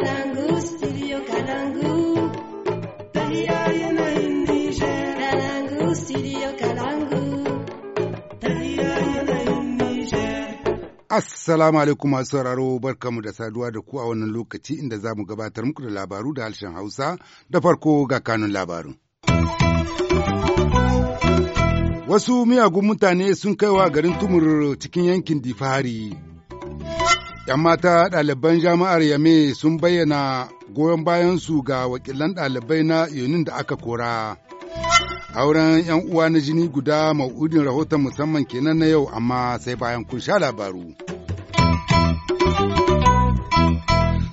Kalangu, Assalamu alaikum masu sauraro barkamu da saduwa da ku a wannan lokaci inda za mu gabatar muku da labaru da harshen Hausa da farko ga kanun labaru. Wasu miyagun mutane sun kaiwa garin Tumur cikin yankin difari ‘Yan mata ɗaliban jami'ar Yame sun bayyana goyon bayansu ga wakilan ɗalibai na yunin da aka kora. Auren ‘yan uwa na jini guda ma'udin rahoton musamman kenan na yau amma sai bayan kun sha labaru.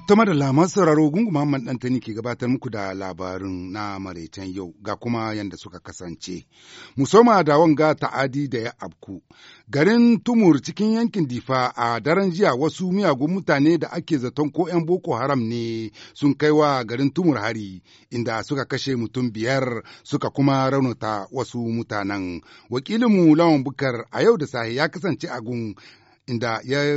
Ta madalla masu sauraro gungu Muhammad Dantani ke gabatar muku da labarin na maraitan yau ga kuma yadda suka kasance. Musoma da wanga ta'adi da ya afku. Garin Tumur cikin yankin Difa a daren jiya wasu miyagun mutane da ake zaton ko 'yan Boko Haram ne sun kai wa garin Tumur hari inda suka kashe mutum biyar suka kuma raunata wasu mutanen. Wakilinmu Lawan Bukar a yau da sahi ya kasance a gun inda ya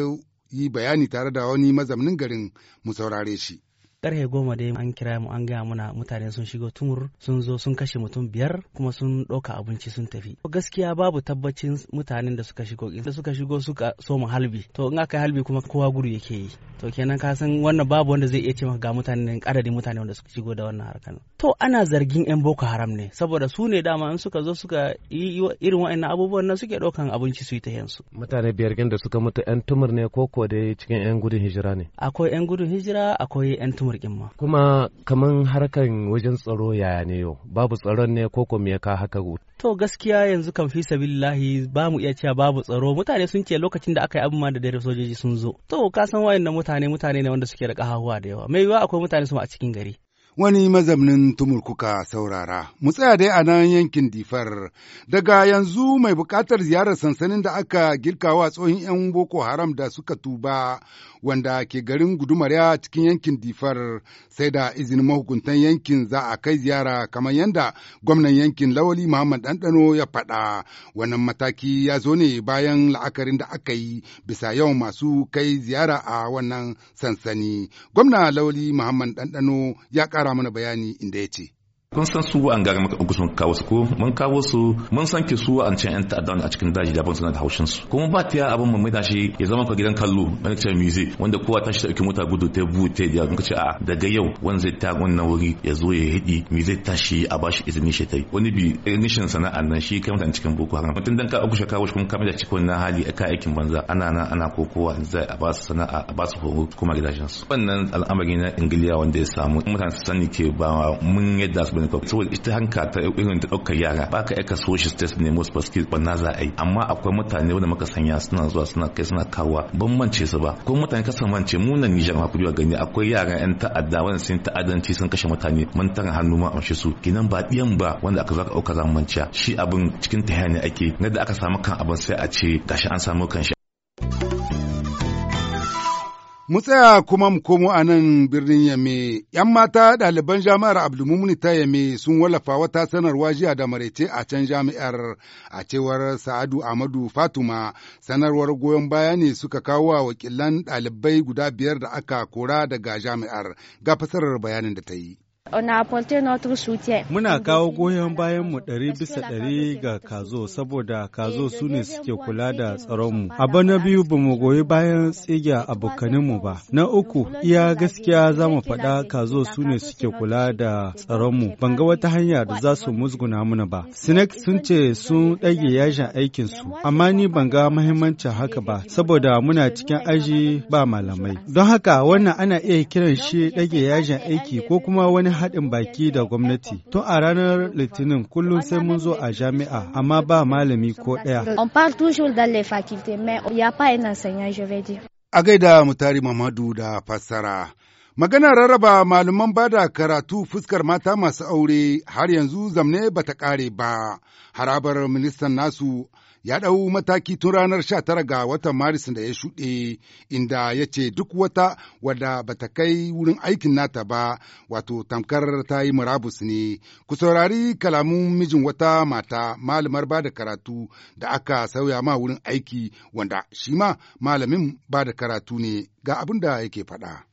yi bayani tare da wani mazaunin garin mu saurare shi. karfe goma dai an kira mu an gaya muna mutane sun shigo tumur sun zo sun kashe mutum biyar kuma sun ɗauka abinci sun tafi gaskiya babu tabbacin mutanen da suka shigo da suka shigo suka soma halbi to in aka halbi kuma kowa gudu yake yi to kenan ka san wannan babu wanda zai iya ce maka ga mutanen adadin mutane wanda suka shigo da wannan harkar to ana zargin yan boko haram ne saboda su ne dama in suka zo suka yi irin wa'annan abubuwan nan suke ɗaukan abinci su yi ta yansu mutane biyar da suka mutu yan tumur ne ko ko dai cikin yan gudun hijira ne akwai yan gudun hijira akwai yan tumur warkin ma kuma kaman harkan wajen tsaro yaya ne yau babu tsaron ne ko me ya ka haka to gaskiya yanzu kan fi sabillahi ba mu iya cewa babu tsaro mutane sun ce lokacin da aka yi abin da dare sojoji sun zo to ka san wayannan mutane mutane ne wanda suke da kahahuwa da yawa mai yiwa akwai mutane su a cikin gari wani mazamnin tumurkuka saurara. Mu tsaya dai a nan yankin difar. Daga yanzu mai bukatar ziyarar sansanin da aka girkawa tsohon 'yan Boko Haram da suka tuba wanda ke garin ya cikin yankin difar sai da izinin mahukuntan yankin za a kai ziyara kamar yadda gwamnan yankin Lawali Muhammad Ɗanɗano ya faɗa. Wannan mataki ya zo ne bayan la'akarin da aka yi bisa yawan masu kai ziyara a wannan sansani. Gwamna Lawali Muhammad Ɗanɗano ya ƙara ƙara mana bayani inda ya ce. kun san su an gara maka uku kawo su ko mun kawo su mun san ke su an can yan ta'adda a cikin daji da ban suna da haushin su kuma ba ta abin mun mai dashi ya zama ka gidan kallo wani ce muse wanda kowa ta shi dauki mota gudu ta bu ta da kun ce a daga yau wani zai ta wannan wuri ya zo ya hidi mize zai tashi a bashi izini shi tai wani bi ignition sana'an nan shi kai mutan cikin boko haram mutun dan ka uku kawo shi kun kama da cikin wannan hali a aikin banza ana nan ana kokowa zai a ba su sana'a a ba su horo kuma gidajen su wannan al'amari na ingiliya wanda ya samu mutan su sani ke ba mun yadda su abin da saboda ita hanka ta irin da ɗaukar yara ba ka aika social shi stress ne most basket na za a yi amma akwai mutane wanda muka sanya suna zuwa suna kai suna kawo ban mance su ba ko mutane ka mance mu nan Nijar ma kujewa gani akwai yara yan ta'adda wanda sun ta'addanci sun kashe mutane mun tara hannu ma amshi su kinan ba diyan ba wanda aka zaka ɗauka zamanciya shi abin cikin ta ne ake na da aka samu kan abin sai a ce gashi an samu kan shi Mu tsaya kuma mu komo a nan birnin Yame, ‘yan mata ɗaliban jami'ar Abdulmumin ta Yame sun wallafa wata sanarwa jiya da maraice a can jami'ar a cewar Sa'adu Ahmadu Fatuma, sanarwar goyon baya ne suka kawo wa wakilan ɗalibai guda biyar da aka kora daga jami'ar ga fasarar bayanin da ta yi. Muna kawo goyon bayan mu ɗari bisa ɗari ga kazo saboda kazo su ne suke kula da tsaronmu. Abu na biyu ba mu goyi bayan tsige abokaninmu ba. Na uku iya gaskiya za mu faɗa kazo su ne suke kula da tsaronmu. Ban ga wata hanya da za su musguna mana ba. Sinek sun ce sun ɗage aikin su amma ni ban ga mahimmancin haka ba saboda muna cikin aji ba malamai. Don haka wannan ana iya kiran shi ɗage yashin aiki ko kuma wani wani haɗin baki da gwamnati. Tun a ranar Litinin kullum sai mun zo a jami'a amma ba malami ko ɗaya. On parle toujours dans les facultés mais il n'y a pas un enseignant je vais dire. A gaida Mutari Mamadu da fassara. Magana rarraba malaman bada karatu fuskar mata masu aure har yanzu zamne bata ƙare ba, harabar ministan nasu ya ɗau mataki tun ranar sha tara ga watan Maris da ya shuɗe inda ya ce duk wata wadda ba ta kai wurin aikin nata ba wato tamkar ta yi murabus ne. Ku saurari kalamun mijin wata mata malamar ba da karatu da aka sauya ma wurin aiki wanda shi ma malamin ba da karatu ne ga abin da yake faɗa.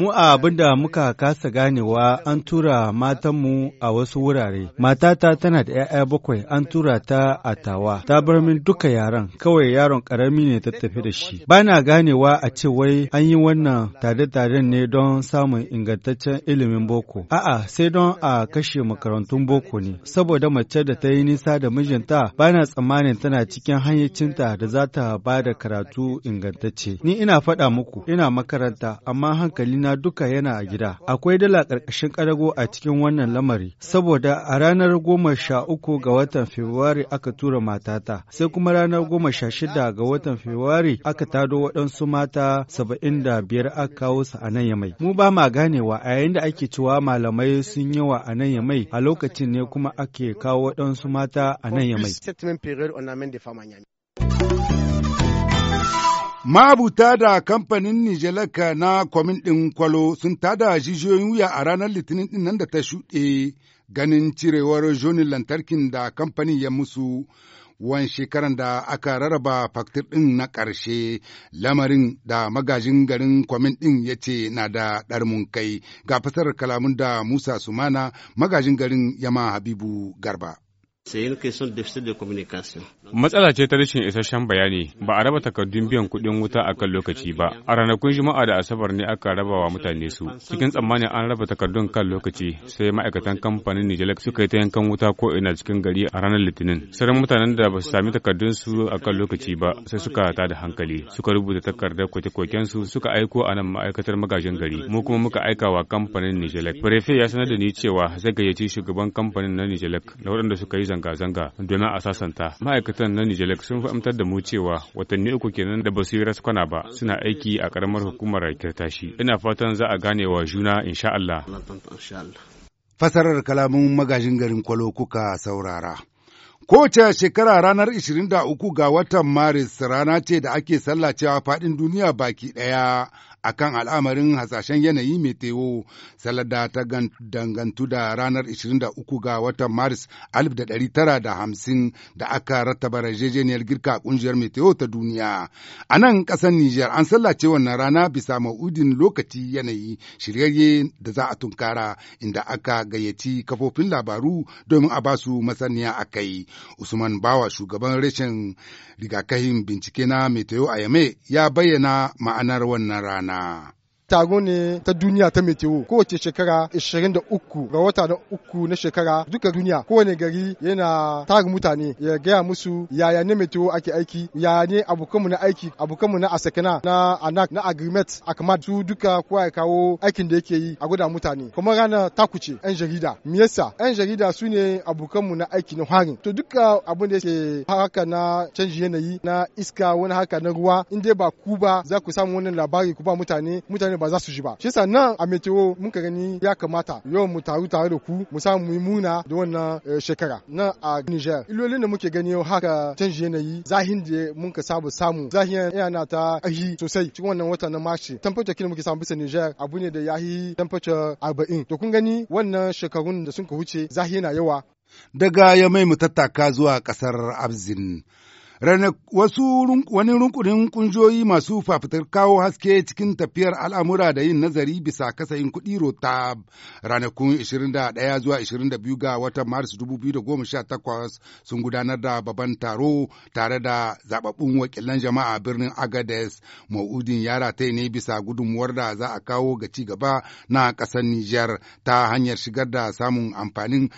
Mu abin da muka kasa ganewa an tura matanmu a wasu wurare. Matata tana da 'ya'ya bakwai an tura ta a tawa. Ta bar min duka yaran, kawai yaron ƙarami ne ta tafi da shi. Ba na ganewa a ce wai an yi wannan tare-taren ne don samun ingantaccen ilimin boko. A'a, sai don a kashe makarantun boko ne. Saboda mace da ta yi nisa da mijinta, ba na tsammanin tana cikin hanyacinta da za ta ba da karatu ingantacce. Ni ina faɗa muku, ina makaranta amma hankalina duka yana a gida. Akwai dala ƙarƙashin ƙarago a cikin wannan lamari, saboda a ranar goma sha uku ga watan Fabrairu aka tura matata, sai kuma ranar goma sha shida ga watan Fabrairu aka tado waɗansu mata saba'in da biyar aka kawo su a nan yamai. Mu ba ma ganewa a yayin da ake cewa malamai sun yawa a nan yamai a lokacin ne kuma ake kawo waɗansu mata a nan yamai. Mabuta da kamfanin nijelaka na kwamin ɗin kwalo sun tada jijiyoyin wuya a ranar litinin ɗin nan da ta shuɗe ganin cirewar jonin lantarkin da kamfanin ya musu wan shekaran da aka rarraba faktir ɗin na ƙarshe lamarin da magajin garin kwamin ɗin ya ce na da ɗarmun kai ga fasarar kalamun da Musa Sumana magajin garin Yama Habibu Garba. Matsala ce ta rashin isasshen bayani ba a raba takardun biyan kuɗin wuta a kan lokaci ba. A ranakun Juma'a da Asabar ne aka raba wa mutane su. Cikin tsammanin an raba takardun kan lokaci sai ma'aikatan kamfanin Nijalek suka yi ta yankan wuta ko ina cikin gari a ranar Litinin. Sauran mutanen da ba su sami takardun su a kan lokaci ba sai suka ta da hankali. Suka rubuta takardar koke-koken su suka aiko a nan ma'aikatar magajin gari. Mu kuma muka aika wa kamfanin Nijalek. Barefe ya sanar da ni cewa zai gayyaci shugaban kamfanin na Nijalek da waɗanda suka yi zanga-zanga domin a sasanta. Ma'aikatan na Nijalek sun fahimtar da mu cewa watanni uku kenan da ba yi raskwana ba suna aiki a karamar hukumar Kirtashi. Ina fatan za a gane wa juna insha Allah. Fasarar kalamun magajin garin Kwalo kuka saurara. Kowace shekara ranar 23 ga watan Maris rana ce da ake sallacewa faɗin duniya baki ɗaya a kan al'amarin hasashen yanayi mai tewo salada ta dangantu da ranar 23 ga watan maris 1950 da aka rattaba rajejeniyar girka kungiyar meteo ta duniya a nan ƙasar Nijar, an sallace wannan rana bisa ma'udin lokaci yanayi shiryayye da za a tunkara inda aka gayyaci kafofin labaru domin a basu masaniya a kai usman bawa shugaban rashin rigakahin bincike na meteo a yame ya bayyana ma'anar wannan rana No. taro ne ta duniya ta meteo kowace shekara 23 ga wata na uku na shekara duka duniya kowane gari yana tara mutane ya gaya musu yaya ne meteo ake aiki yaya ne abokanmu na aiki abokanmu na asakana na anak na agrimet akmad su duka kowa ya kawo aikin da yake yi a gwada mutane kuma ranar takuce yan jarida miyasa yan jarida su ne abokanmu na aiki na harin to duka abin da yake haka na canji yanayi na iska wani haka na ruwa in dai ba ku ba za ku samu wannan labari ku ba mutane mutane ba za su ji ba shi sannan nan a meteo muka gani ya kamata yau mu taru tare da ku mu samu mu yi muna da wannan eh, shekara Na a Niger ilolin da muke gani yau haka canji yanayi zahin da ka saba samu zahin yana ta ahi sosai cikin wannan watan na Mashi temperature kin muke samu bisa Niger abu ne da yi temperature 40 to kun gani wannan shekarun da sun ka wuce zahi yana yawa daga ya mai mu tattaka zuwa kasar Abzin Ranar wasu wani rukunin kunjoyi masu fafitar kawo haske cikin tafiyar al'amura da yin nazari bisa kasayin kuɗi rotab ranakun 21 zuwa 22 ga watan Maris 2018 sun gudanar da babban taro tare da zababbun wakilan jama'a birnin Agades ma'udin yara ta ne bisa gudunmuwar da za a kawo ga ci gaba na ƙasar Nijar ta hanyar shigar da samun amfanin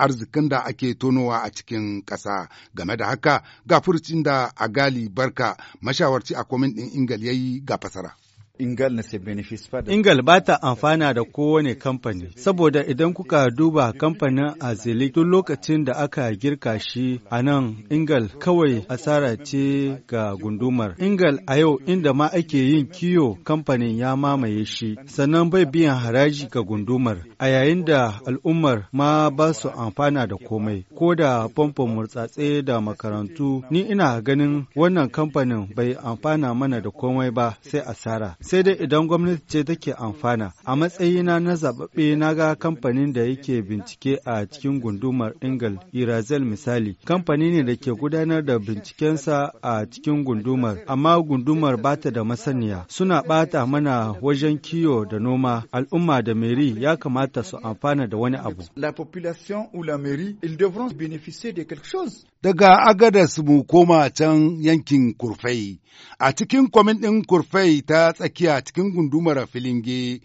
arzikin da ake tonowa a cikin ƙasa. Game da haka ga furcin da Agali Barka mashawarci a kwamin ɗin Ingal yayi ga fasara. Ingal ba ta amfana da kowane kamfani, saboda idan kuka duba kamfanin Azili tun lokacin da aka girka shi a nan Ingal kawai asara ce ga gundumar. Ingal a yau inda ma ake yin kiyo kamfanin ya mamaye shi, sannan bai biyan haraji ga gundumar, a yayin da al'ummar ma ba su amfana da komai, ko da famfon murtsatse da makarantu, ni ina ganin wannan kamfanin bai amfana mana da komai ba sai asara. sai dai idan gwamnati ce take amfana. A matsayina na zaɓaɓɓe na ga kamfanin da yake bincike a cikin gundumar Ingal, Irazel misali, kamfani ne da ke gudanar da bincikensa a cikin gundumar, amma gundumar ba ta da masaniya. Suna ɓata mana wajen kiyo da noma, al'umma da meri ya kamata su amfana da wani abu. La population ou la mairie, de quelque chose. daga agadas mu koma can yankin kurfai a cikin kwamin ɗin kurfai ta tsakiya cikin gundumar filinge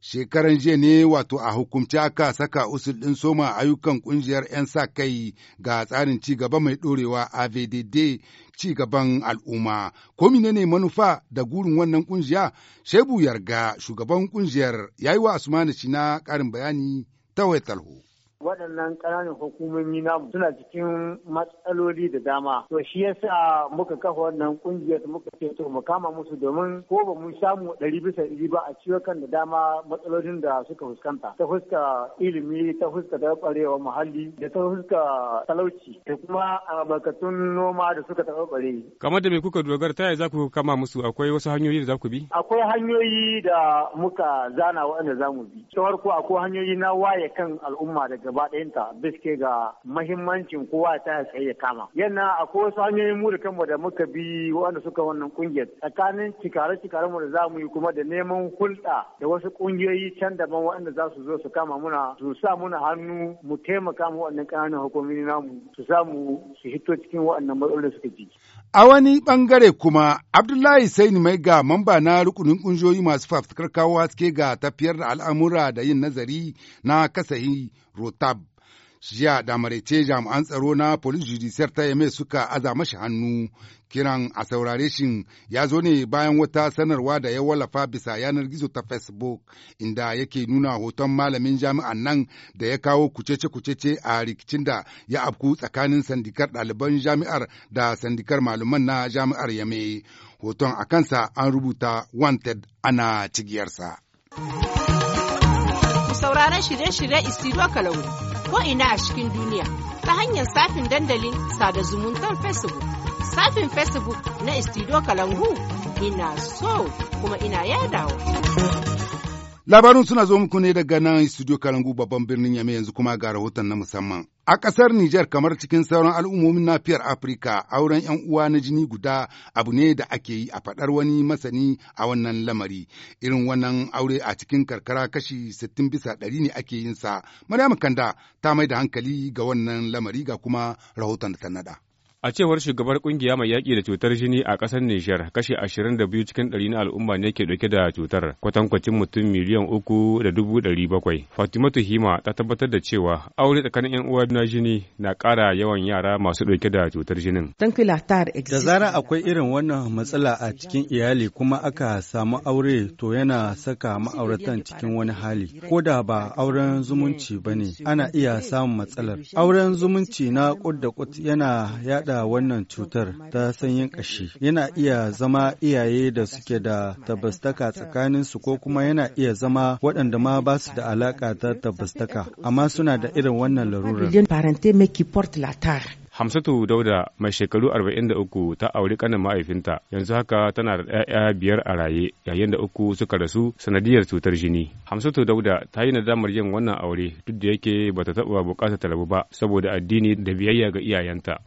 shekaran jiya ne wato a hukumci aka saka usul ɗin soma ayyukan ƙungiyar 'yan sa kai ga tsarin cigaba mai ɗorewa avdd cigaban al'umma ko ne manufa da gurin wannan ƙungiya shebu yarga shugaban ƙungiyar yayi wa shi na ƙarin bayani ta waitalho. waɗannan ƙananan hukumomi namu suna cikin matsaloli da dama to shi yasa muka kafa wannan ƙungiyar muka ce to mu kama musu domin ko ba mun samu ɗari bisa ɗari ba a ciwo kan da dama matsalolin da suka fuskanta ta fuska ilimi ta fuska taɓarɓarewar muhalli da ta fuska talauci da kuma albarkatun noma da suka taɓarɓare. kamar da me kuka dogara ta yaya za ku kama musu akwai wasu hanyoyi da za ku bi. akwai hanyoyi da muka zana waɗanda za mu bi. ta farko akwai hanyoyi na waye kan al'umma daga gaba ɗayanta biske ga mahimmancin kowa ta tsaye ya kama yana akwai wasu hanyoyin mu da kanmu da muka bi waɗanda suka wannan kungiyar tsakanin cikare cikare mu da za mu yi kuma da neman hulɗa da wasu kungiyoyi can daban waɗanda za su zo su kama muna su sa muna hannu mu taimaka mu waɗannan ƙananan hukumomi namu su mu su hito cikin waɗannan matsalolin da suka ji. A wani ɓangare kuma Abdullahi Saini mai ga mamba na rukunin kungiyoyi masu fafutukar kawo haske ga tafiyar da al'amura da yin nazari na kasahi rotab jiya da maraice jami'an tsaro na police judiciaire ta yame suka aza mashi hannu kiran a saurare shin ya zo ne bayan wata sanarwa da ya wallafa bisa yanar gizo ta facebook inda yake nuna hoton malamin jami'an nan da ya kawo kucece-kucece a rikicin da ya afku tsakanin sandikar ɗaliban jami'ar da sandikar malaman na jami'ar yame hoton a kansa an rubuta wanted ana cigiyarsa. sauraron shirye-shirye Istiro Kalangu ko ina a cikin duniya ta hanyar safin dandalin sada zumuntar Facebook. Safin Facebook na Istiro Kalangu ina so kuma ina yadawa. Labarun suna zo muku ne daga nan Studio Kalangu babban birnin Yame yanzu kuma ga rahoton na musamman. A ƙasar Nijar kamar cikin sauran al'ummomin nafiyar Afirka, auren 'yan uwa na jini guda abu ne da ake yi a faɗar wani masani a wannan lamari. Irin wannan aure a cikin karkara kashi sittin bisa ɗari ne ake yinsa sa. Kanda ta mai da hankali ga wannan lamari ga kuma rahoton da ta nada. A cewar shugabar kungiya mai yaƙi da cutar jini a ƙasar Nijar, kashi 22 cikin ɗari na al'umma ne ke ɗauke da cutar, kwatankwacin mutum miliyan uku da dubu ɗari bakwai. Fatimatu Hima ta tabbatar da cewa aure tsakanin 'yan uwa na jini na ƙara yawan yara masu ɗauke da cutar jinin. Da zarar akwai irin wannan matsala a cikin iyali kuma aka samu aure to yana saka ma'auratan cikin wani hali. Ko da ba auren zumunci ba ne, ana iya samun matsalar. Auren zumunci na ƙud da yana yaɗa da wannan cutar ta sanyin ƙashi yana iya zama iyaye da suke da tabbastaka tsakanin su ko kuma yana iya zama waɗanda ma ba su da alaƙa ta tabbastaka amma suna da irin wannan larurar. Hamsatu Dauda mai shekaru uku ta auri kanin mahaifinta yanzu haka tana da ‘ya'ya biyar a raye yayin da uku suka rasu sanadiyar cutar jini. Hamsatu Dauda ta yi nadamar yin wannan aure duk da yake ba ta taɓa buƙatar talabu ba saboda addini da biyayya ga iyayenta.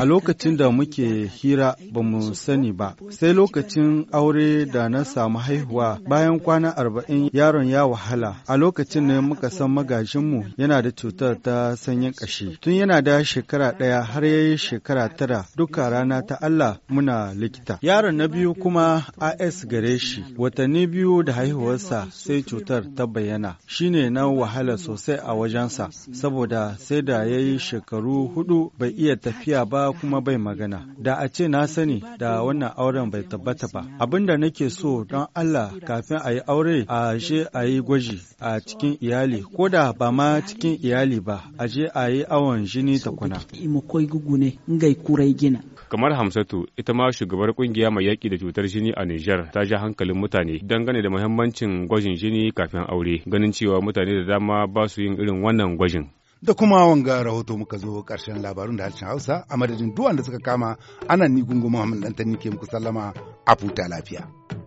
A lokacin da muke hira ba mu sani ba sai lokacin aure da na samu haihuwa bayan kwana arba'in yaron ya wahala a lokacin ne muka san magajinmu yana da cutar ta sanyin ƙashi tun yana da gida shekara ɗaya har ya yi shekara tara duka rana ta Allah muna likita. Yaron na biyu kuma AS gare shi watanni biyu da haihuwarsa sai cutar ta bayyana shi ne na wahala sosai a wajensa saboda sai da ya yi shekaru hudu bai iya tafiya ba kuma bai magana. Da a ce na sani da wannan auren bai tabbata ba. Abin da nake so don Allah kafin a yi aure a je a yi gwaji a cikin iyali ko da ba ma cikin iyali ba a je a yi awon jini ta gina. kamar hamsatu ita ma shugabar kungiya mai yaki da cutar jini a Niger ta ja hankalin mutane dangane da muhimmancin gwajin jini kafin aure ganin cewa mutane da dama ba su yin irin wannan gwajin da kuma wanga rahoto muka zo ƙarshen labarun da harshen Hausa a madadin duwan da suka kama ana ni gungun Muhammad Dantani ke muku sallama a futa lafiya